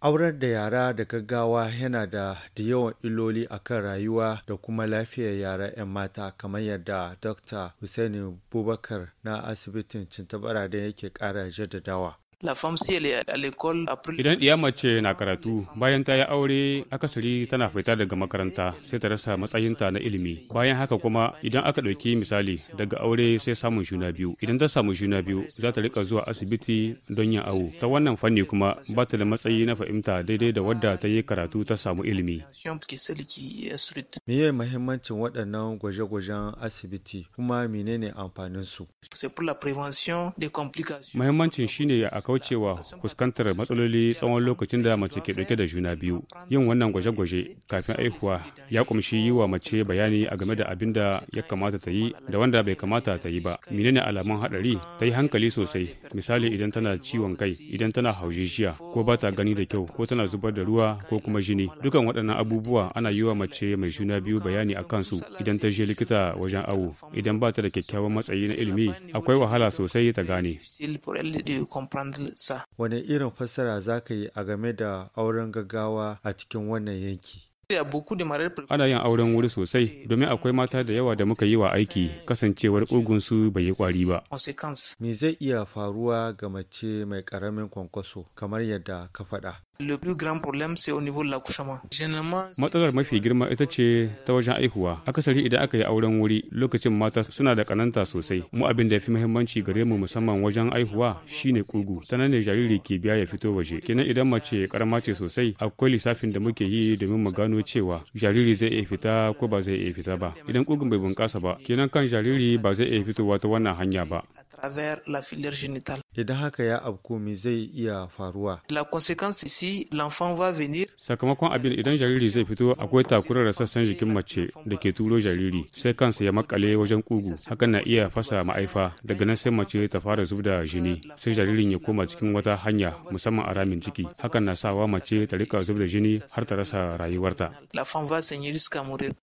Aurar da yara da gaggawa yana da da yawan illoli a kan rayuwa da kuma lafiyar yara 'yan mata kamar yadda Dr. Hussaini Bubakar na asibitin cinta da yake ƙara jaddadawa. Idan ɗiya mace na karatu bayan ta yi aure akasari tana fita daga makaranta sai ta rasa matsayinta na ilimi. Bayan haka kuma idan aka ɗauki misali daga aure sai samun juna biyu. Idan ta samu juna biyu za ta rika zuwa asibiti don yin awo. Ta wannan fanni kuma ba ta da matsayi na fahimta daidai da wadda ta yi karatu ta samu ilimi. Meye mahimmancin waɗannan gwaje-gwajen asibiti kuma menene amfaninsu? Mahimmancin shine a kaucewa fuskantar matsaloli tsawon lokacin da mace ke dauke da juna biyu yin wannan gwaje-gwaje kafin aihuwa ya kumshi yi wa mace bayani a game da abin da ya kamata ta yi da wanda bai kamata ta yi ba menene alamun hadari ta yi hankali sosai misali idan tana ciwon kai idan tana haujishiya ko ba ta gani da kyau ko tana zubar da ruwa ko kuma jini dukan waɗannan abubuwa ana yi wa mace mai juna biyu bayani a kansu idan ta je likita wajen awo idan ba ta da kyakkyawan matsayi na ilimi akwai wahala sosai ta gane majalisa. Wane irin fassara za ka yi a game da auren gaggawa a cikin wannan yanki? Ana yin auren wuri sosai domin akwai mata da yawa da muka yi wa aiki kasancewar ƙugunsu bai yi ƙwari ba. Me zai iya faruwa ga mace mai ƙaramin kwankwaso kamar yadda ka faɗa? Matsalar mafi euh, girma ita ce ta wajen aihuwa. Akasari idan aka yi auren wuri lokacin mata suna da kananta sosai. Mu abin da ya fi muhimmanci gare mu musamman wajen aihuwa shine kugu. sanan nan ne jariri ke biya ya fito waje. Kenan idan mace karama ce sosai akwai lissafin da muke yi domin mu gano cewa jariri zai iya fita ko ba zai iya fita ba. Idan kugun bai bunƙasa ba kenan kan jariri ba zai iya fitowa ta wannan hanya ba. travers la filière génitale. Idan haka ya abko me zai iya faruwa? La conséquence ici, l'enfant va venir. Sakamakon abin idan jariri zai fito akwai takurar sassan jikin mace da ke turo jariri sai kansa ya makale wajen kugu. Hakan na iya fasa ma'aifa daga nan sai mace ta fara zub da jini sai jaririn ya koma cikin wata hanya musamman aramin ciki. Hakan na sawa mace ta rika zub da jini har ta rasa rayuwarta. La femme va saigner jusqu'à mourir.